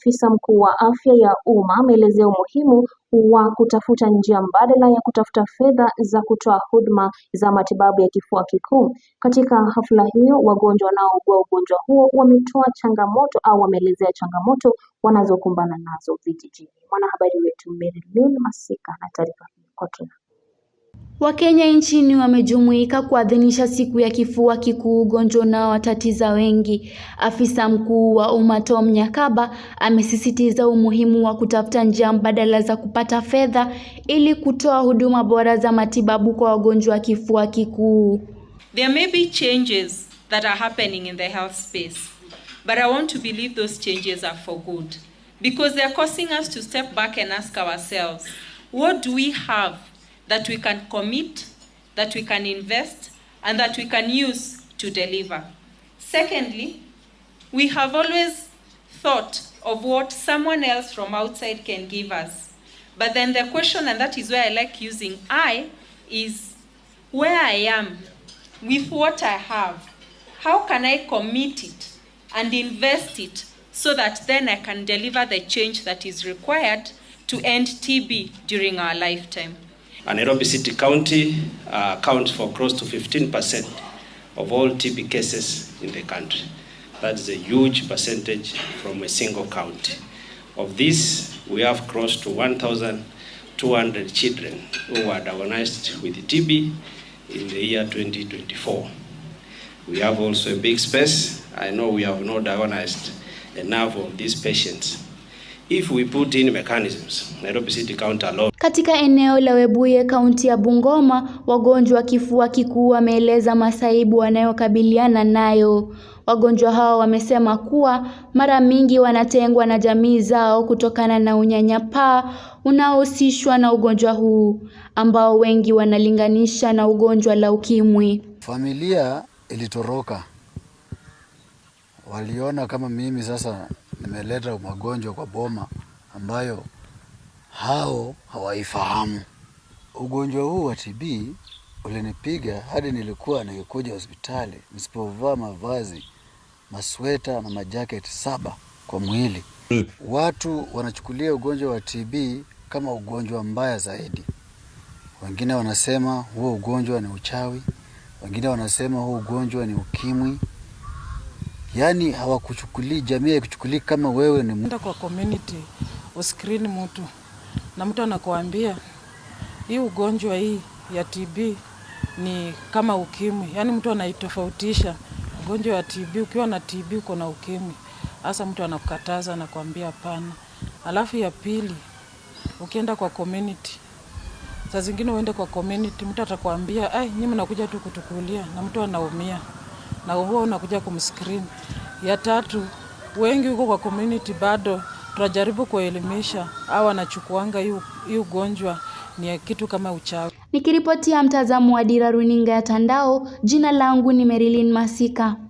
Afisa mkuu wa afya ya umma ameelezea umuhimu wa kutafuta njia mbadala ya kutafuta fedha za kutoa huduma za matibabu ya kifua kikuu. Katika hafla hiyo wagonjwa wanaougua ugonjwa huo wametoa changamoto au wameelezea changamoto wanazokumbana nazo vijijini. Mwanahabari wetu Lynn Masika na taarifa kwa kina. Wakenya nchini wamejumuika kuadhimisha siku ya kifua kikuu, ugonjwa unaowatatiza wengi. Afisa mkuu wa umma Tom Nyakaba amesisitiza umuhimu wa kutafuta njia mbadala za kupata fedha ili kutoa huduma bora za matibabu kwa wagonjwa wa kifua kikuu. There may be changes that are happening in the health space, but I want to believe those changes are for good because they are causing us to step back and ask ourselves, what do we have that we can commit, that we can invest, and that we can use to deliver. Secondly, we have always thought of what someone else from outside can give us. But then the question, and that is where I like using I, is where I am, with what I have, how can I commit it and invest it so that then I can deliver the change that is required to end TB during our lifetime? And uh, Nairobi City County uh, accounts for close to 15% of all TB cases in the country. That is a huge percentage from a single county. Of this, we have close to 1,200 children who were diagnosed with TB in the year 2024. We have also a big space. I know we have not diagnosed enough of these patients If we put in mechanisms, Nairobi City County alone. Katika eneo la Webuye kaunti ya Bungoma, wagonjwa kifua kikuu wameeleza masaibu wanayokabiliana nayo. Wagonjwa hao wamesema kuwa mara mingi wanatengwa na jamii zao kutokana na unyanyapaa unaohusishwa na ugonjwa huu ambao wengi wanalinganisha na ugonjwa la ukimwi. Familia ilitoroka. Waliona kama mimi sasa imeleta magonjwa kwa boma ambayo hao hawaifahamu. Ugonjwa huu wa TB ulinipiga hadi nilikuwa nikikuja hospitali nisipovaa mavazi masweta na majaketi saba kwa mwili. Watu wanachukulia ugonjwa wa TB kama ugonjwa mbaya zaidi. Wengine wanasema huo ugonjwa ni uchawi, wengine wanasema huo ugonjwa ni ukimwi yani hawakuchukulii, jamii haikuchukulii kama wewe ni mtu. Kwa community usikrini mtu na mtu anakuambia hii ugonjwa hii ya TB ni kama ukimwi, yani mtu anaitofautisha ugonjwa wa TB. Ukiwa na TB uko na ukimwi, hasa mtu anakukataza, anakuambia hapana. Alafu ya pili, ukienda kwa community saa zingine uende kwa community, mtu atakwambia ai, nyinyi mnakuja tu kutukulia, na mtu anaumia na huwa unakuja kumscreen. Ya tatu, wengi huko kwa community bado tunajaribu kuelimisha au wanachukuanga hii ugonjwa ni kitu kama uchawi. Nikiripotia mtazamo wa Dira Runinga ya Tandao, jina langu ni Marilyn Masika.